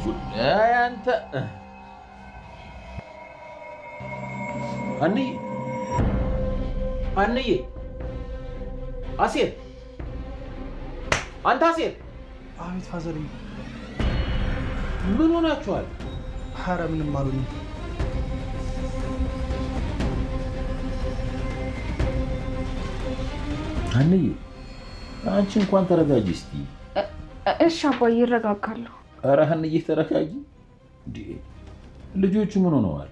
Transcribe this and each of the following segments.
አንተ አንዬ አንዬ አሴር አንተ አሴር። አቤት ፋዘር፣ ምን ሆናችኋል? ኧረ ምንም አልሆንም። አንዬ አንቺ እንኳን ተረጋጂ እስቲ። እሺ አባዬ ይረጋጋሉ። ኧረ ሀንዬ ተረጋጊ። ልጆቹ ምን ሆነዋል?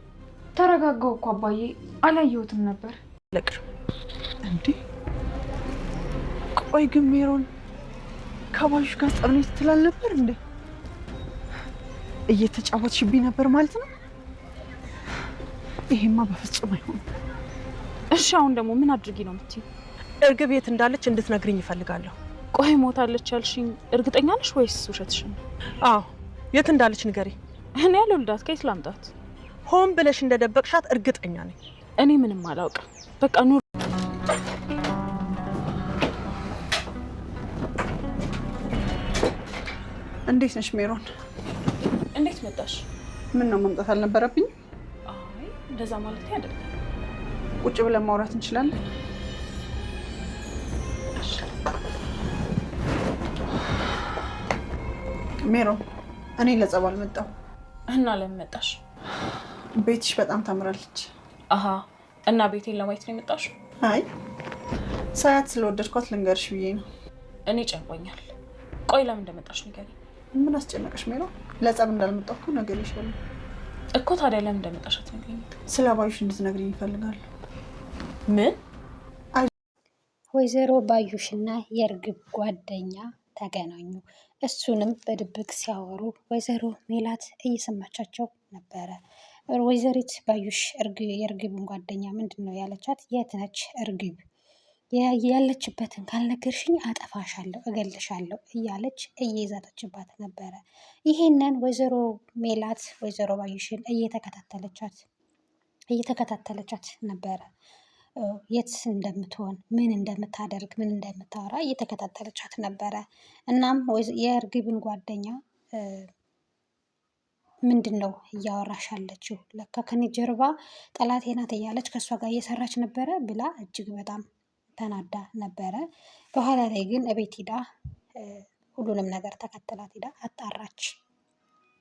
ተረጋጋው እኮ አባዬ፣ አላየሁትም ነበር። ለቅር እንዴ! ቆይ ግን ሜሮን ከባዦች ጋር ጠብ ትላል ነበር እንዴ? እየተጫወትሽብኝ ነበር ማለት ነው? ይሄማ በፍጹም አይሆንም። እሺ አሁን ደግሞ ምን አድርጊ ነው የምትይው? እርግብ የት እንዳለች እንድትነግርኝ ይፈልጋለሁ። ቆይ ሞታለች ያልሽኝ እርግጠኛ ነሽ ወይስ ውሸትሽን? አዎ የት እንዳለች ንገሪ። እኔ ያልወልዳት ከየት ላምጣት? ሆን ብለሽ እንደደበቅሻት እርግጠኛ ነኝ። እኔ ምንም አላውቅም። በቃ ኑ እንዴት ነሽ ሜሮን? እንዴት መጣሽ? ምን ነው መምጣት አልነበረብኝ? አይ እንደዛ ማለት አይደለም። ቁጭ ብለን ማውራት እንችላለን። ሜሮ፣ እኔ ለጸብ አልመጣሁ እና ለምን መጣሽ? ቤትሽ በጣም ታምራለች። አሀ፣ እና ቤቴን ለማየት ነው የመጣሽ? አይ ሳያት ስለወደድኳት ልንገርሽ ብዬ ነው። እኔ ጨንቆኛል። ቆይ ለምን እንደመጣሽ ንገሪኝ። ምን አስጨነቀሽ ሜሮ? ለጸብ እንዳልመጣሁ እኮ ነገር ይሻላል እኮ። ታዲያ ለምን እንደመጣሽ አትነግሪኝ? ስለ አባዩሽ እንድትነግሪኝ ይፈልጋሉ። ምን? ወይዘሮ ባዩሽና የእርግብ ጓደኛ ተገናኙ። እሱንም በድብቅ ሲያወሩ ወይዘሮ ሜላት እየሰማቻቸው ነበረ። ወይዘሪት ባዩሽ የእርግብን ጓደኛ ምንድን ነው ያለቻት? የት ነች እርግብ? ያለችበትን ካልነገርሽኝ አጠፋሻለሁ፣ እገልሻለሁ እያለች እየዛተችባት ነበረ። ይህንን ወይዘሮ ሜላት ወይዘሮ ባዩሽን እየተከታተለቻት እየተከታተለቻት ነበረ። የት እንደምትሆን ምን እንደምታደርግ ምን እንደምታወራ እየተከታተለቻት ነበረ። እናም የእርግብን ጓደኛ ምንድን ነው እያወራሽ ለካ ከኔ ጀርባ ጠላቴ ናት እያለች ከእሷ ጋር እየሰራች ነበረ ብላ እጅግ በጣም ተናዳ ነበረ። በኋላ ላይ ግን እቤት ሂዳ ሁሉንም ነገር ተከትላት ሂዳ አጣራች።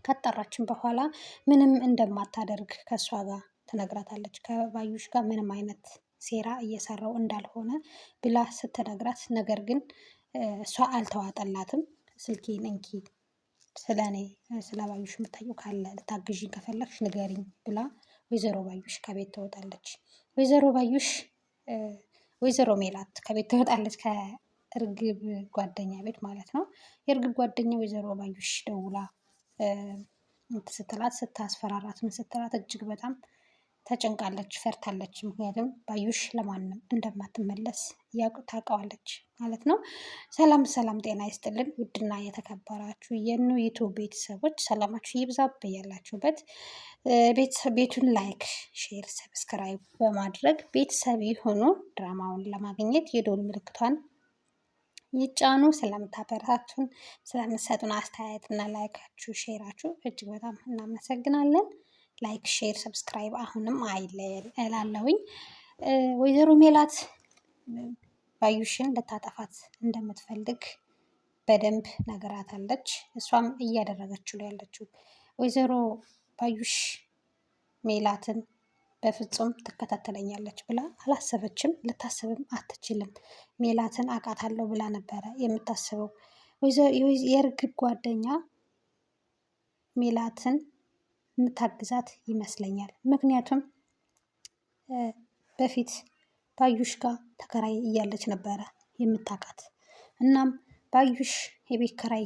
ከጠራችን በኋላ ምንም እንደማታደርግ ከእሷ ጋር ትነግራታለች። ከባዩሽ ጋር ምንም አይነት ሴራ እየሰራው እንዳልሆነ ብላ ስትነግራት፣ ነገር ግን እሷ አልተዋጠላትም። ስልኬን እንኪ ስለ እኔ ስለ ባዩሽ የምታየው ካለ ልታግዥኝ ከፈለግሽ ንገሪኝ ብላ ወይዘሮ ባዩሽ ከቤት ትወጣለች። ወይዘሮ ባዩሽ ወይዘሮ ሜላት ከቤት ትወጣለች ከእርግብ ጓደኛ ቤት ማለት ነው። የእርግብ ጓደኛ ወይዘሮ ባዩሽ ደውላ ስትላት ስታስፈራራት ምን ስትላት እጅግ በጣም ተጨንቃለች፣ ፈርታለች። ምክንያቱም ባዩሽ ለማንም እንደማትመለስ ታውቃዋለች ማለት ነው። ሰላም ሰላም፣ ጤና ይስጥልን ውድና የተከበራችሁ የኑ ቤተሰቦች ሰላማችሁ ይብዛ በያላችሁበት። ቤቱን ላይክ፣ ሼር፣ ሰብስክራይብ በማድረግ ቤተሰብ የሆኑ ድራማውን ለማግኘት የዶል ምልክቷን ይጫኑ። ስለምታበረታቱን ስለምትሰጡን አስተያየትና ላይካችሁ፣ ሼራችሁ እጅግ በጣም እናመሰግናለን። ላይክ፣ ሼር፣ ሰብስክራይብ አሁንም አይለየን እላለሁኝ። ወይዘሮ ሜላት ባዩሽን ልታጠፋት እንደምትፈልግ በደንብ ነገራታለች። እሷም እያደረገችው ነው ያለችው። ወይዘሮ ባዩሽ ሜላትን በፍጹም ትከታተለኛለች ብላ አላሰበችም፣ ልታስብም አትችልም። ሜላትን አውቃታለሁ ብላ ነበረ የምታስበው። የእርግብ ጓደኛ ሜላትን የምታግዛት ይመስለኛል። ምክንያቱም በፊት ባዩሽ ጋር ተከራይ እያለች ነበረ የምታውቃት። እናም ባዩሽ የቤት ኪራይ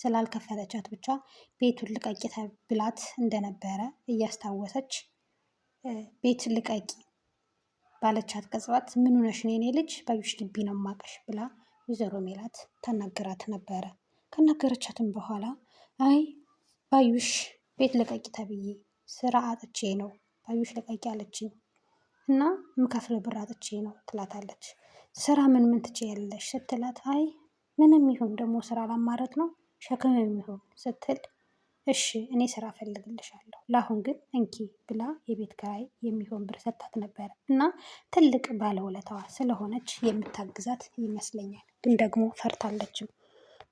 ስላልከፈለቻት ብቻ ቤቱን ልቀቂ ብላት እንደነበረ እያስታወሰች ቤት ልቀቂ ባለቻት ቅጽበት ምን ሆነሽ ነው የኔ ልጅ ባዩሽ ግቢ ነው ማቀሽ ብላ ወይዘሮ ሜላት ታናገራት ነበረ። ከናገረቻትም በኋላ አይ ባዩሽ ቤት ልቀቂ ተብዬ ስራ አጥቼ ነው ባዩሽ ልቀቂ አለችኝ እና ምከፍል ብር አጥቼ ነው ትላታለች። ስራ ምን ምን ትችያለሽ ስትላት አይ ምንም ይሁን ደግሞ ስራ ላማረት ነው ሸክም የሚሆን ስትል እሺ እኔ ስራ ፈልግልሻለሁ ለአሁን ግን እንኪ ብላ የቤት ክራይ የሚሆን ብር ሰጣት ነበር። እና ትልቅ ባለውለታዋ ስለሆነች የምታግዛት ይመስለኛል። ግን ደግሞ ፈርታለችም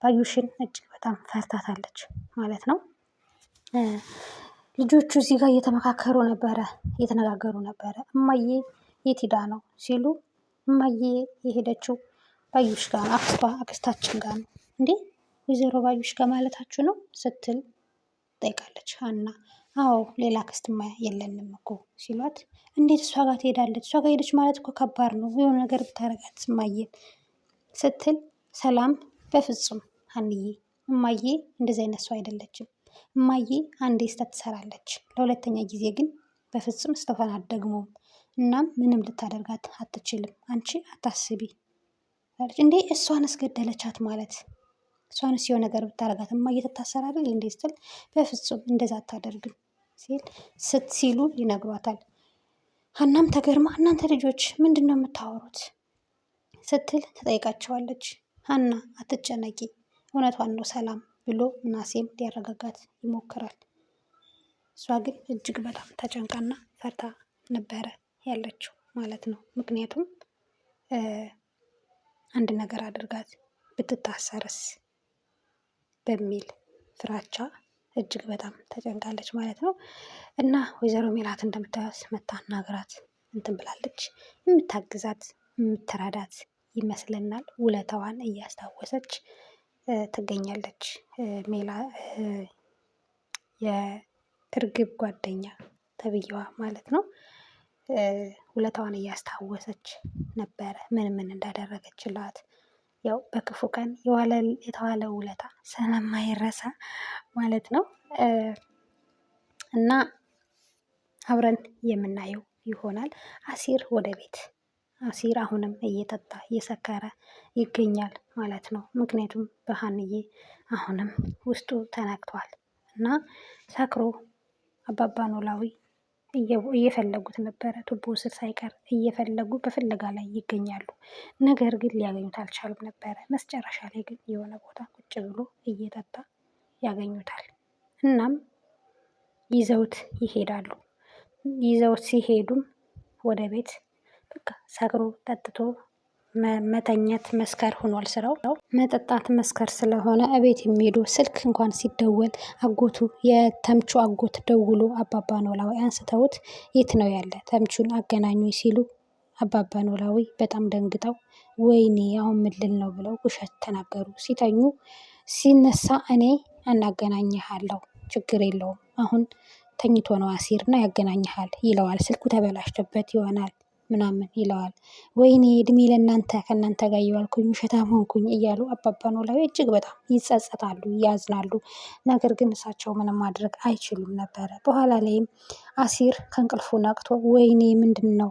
ባዩሽን እጅግ በጣም ፈርታታለች ማለት ነው። ልጆቹ እዚህ ጋር እየተመካከሩ ነበረ እየተነጋገሩ ነበረ። እማዬ የት ነው ሲሉ እማዬ የሄደችው ባዩሽ ጋር ነው፣ አክስቷ አክስታችን ጋር ነው። እንዴ ወይዘሮ ባዩሽ ጋር ማለታችሁ ነው ስትል ትጠይቃለች ሀና። አዎ ሌላ አክስትማ የለንም እኮ ሲሏት፣ እንዴት እሷ ጋር ትሄዳለች? እሷ ጋር ሄደች ማለት እኮ ከባድ ነው፣ የሆነ ነገር ብታረጋት እማዬን ስትል ሰላም በፍጹም ሀንዬ እማዬ እንደዚህ አይነት ሰው አይደለችም እማዬ አንዴ ስተት ትሰራለች፣ ለሁለተኛ ጊዜ ግን በፍጹም ስተፋን አትደግመውም። እናም ምንም ልታደርጋት አትችልም፣ አንቺ አታስቢ አለች። እንዴ እሷን አስገደለቻት ማለት እሷን ሲሆን ነገር ብታደርጋት እማዬ ትታሰራለች እንዴ ስትል በፍጹም እንደዛ አታደርግም ሲል ስት ሲሉ ይነግሯታል። ሀናም ተገርማ እናንተ ልጆች ምንድን ነው የምታወሩት ስትል ትጠይቃቸዋለች። ሀና አትጨነቂ፣ እውነቷን ነው ሰላም ብሎ ምናሴም ሊያረጋጋት ይሞክራል። እሷ ግን እጅግ በጣም ተጨንቃና ፈርታ ነበረ ያለችው ማለት ነው። ምክንያቱም አንድ ነገር አድርጋት ብትታሰርስ በሚል ፍራቻ እጅግ በጣም ተጨንቃለች ማለት ነው። እና ወይዘሮ ሜላት እንደምታዩት መታ እንትን ብላለች። የምታግዛት የምትረዳት ይመስለናል ውለታዋን እያስታወሰች ትገኛለች። ሜላ የእርግብ ጓደኛ ተብዬዋ ማለት ነው። ውለታዋን እያስታወሰች ነበረ ምን ምን እንዳደረገችላት። ያው በክፉ ቀን የተዋለ ውለታ ስለማይረሳ ማለት ነው እና አብረን የምናየው ይሆናል። አሲር ወደ ቤት አሲር አሁንም እየጠጣ እየሰከረ ይገኛል ማለት ነው። ምክንያቱም ብርሃንዬ አሁንም ውስጡ ተነክቷል እና ሰክሮ አባባ ኖላዊ እየፈለጉት ነበረ። ቱቦ ስር ሳይቀር እየፈለጉ በፍለጋ ላይ ይገኛሉ። ነገር ግን ሊያገኙት አልቻሉም ነበረ። መስጨረሻ ላይ ግን የሆነ ቦታ ቁጭ ብሎ እየጠጣ ያገኙታል። እናም ይዘውት ይሄዳሉ። ይዘውት ሲሄዱም ወደ ቤት በቃ ሰክሮ ጠጥቶ መተኛት መስከር ሆኗል ስራው። መጠጣት መስከር ስለሆነ እቤት የሚሄዱ ስልክ እንኳን ሲደወል አጎቱ የተምቹ አጎት ደውሎ አባባ ኖላዊ አንስተውት የት ነው ያለ ተምቹን አገናኙ ሲሉ አባባ ኖላዊ በጣም ደንግጠው ወይኔ አሁን ምን ነው ብለው ውሸት ተናገሩ። ሲተኙ ሲነሳ እኔ እናገናኝሃለሁ ችግር የለውም አሁን ተኝቶ ነው አሲር እና ያገናኝሃል ይለዋል። ስልኩ ተበላሽቶበት ይሆናል ምናምን ይለዋል። ወይኔ እድሜ ለእናንተ ከእናንተ ጋር እየዋልኩኝ ውሸታም ሆንኩኝ እያሉ አባባ ኖላዊ እጅግ በጣም ይጸጸታሉ ያዝናሉ። ነገር ግን እሳቸው ምንም ማድረግ አይችሉም ነበረ። በኋላ ላይም አሲር ከእንቅልፉ ነቅቶ ወይኔ ምንድነው?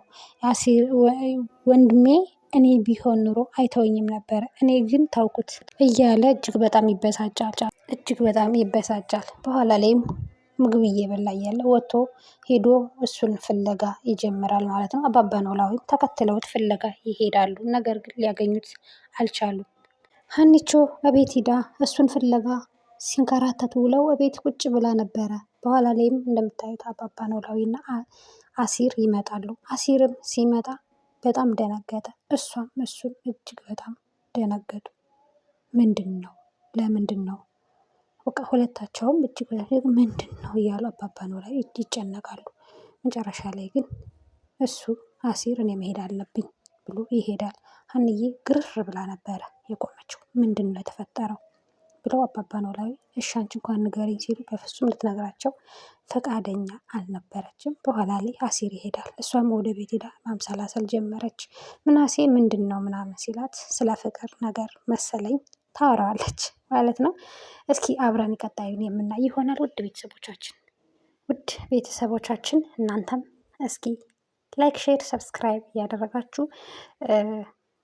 አሲር ወንድሜ እኔ ቢሆን ኑሮ አይተወኝም ነበር እኔ ግን ታውኩት እያለ እጅግ በጣም ይበሳጫል። እጅግ በጣም ይበሳጫል በኋላ ላይም ምግብ እየበላ እያለ ወጥቶ ሄዶ እሱን ፍለጋ ይጀምራል ማለት ነው። አባባ ኖላዊም ተከትለውት ፍለጋ ይሄዳሉ። ነገር ግን ሊያገኙት አልቻሉም። ሀኒቾ እቤት ሂዳ እሱን ፍለጋ ሲንከራተት ውለው እቤት ቁጭ ብላ ነበረ። በኋላ ላይም እንደምታዩት አባባ ኖላዊና አሲር ይመጣሉ። አሲርም ሲመጣ በጣም ደነገጠ። እሷም እሱም እጅግ በጣም ደነገጡ። ምንድን ነው? ለምንድን ነው በቃ ሁለታቸውም እጅግ ምንድን ነው እያሉ አባባ ኖላዊ ይጨነቃሉ። መጨረሻ ላይ ግን እሱ አሲር እኔ መሄድ አለብኝ ብሎ ይሄዳል። ሀንዬ ግርር ብላ ነበረ የቆመችው። ምንድን ነው የተፈጠረው ብለው አባባ ኖላዊ እሺ አንቺ እንኳን ንገሪኝ ሲሉ በፍጹም ልትነግራቸው ፈቃደኛ አልነበረችም። በኋላ ላይ አሲር ይሄዳል። እሷም ወደ ቤት ሄዳ ማምሰላሰል ጀመረች። ምናሴ ምንድን ነው ምናምን ሲላት ስለ ፍቅር ነገር መሰለኝ ታወራዋለች። ማለት ነው። እስኪ አብረን ቀጣዩን የምናይ ይሆናል። ውድ ቤተሰቦቻችን ውድ ቤተሰቦቻችን እናንተም እስኪ ላይክ፣ ሼር፣ ሰብስክራይብ እያደረጋችሁ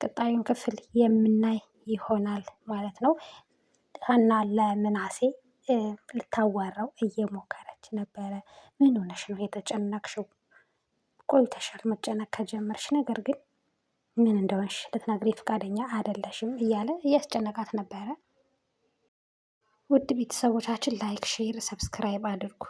ቀጣዩን ክፍል የምናይ ይሆናል ማለት ነው። ሀና ለምናሴ ልታዋራው እየሞከረች ነበረ። ምን ሆነሽ ነው የተጨነቅሽው? ቆይተሻል መጨነቅ ከጀመርሽ፣ ነገር ግን ምን እንደሆንሽ ልትነግሪ ፈቃደኛ አይደለሽም እያለ እያስጨነቃት ነበረ። ውድ ቤተሰቦቻችን ላይክ፣ ሼር፣ ሰብስክራይብ አድርጉ።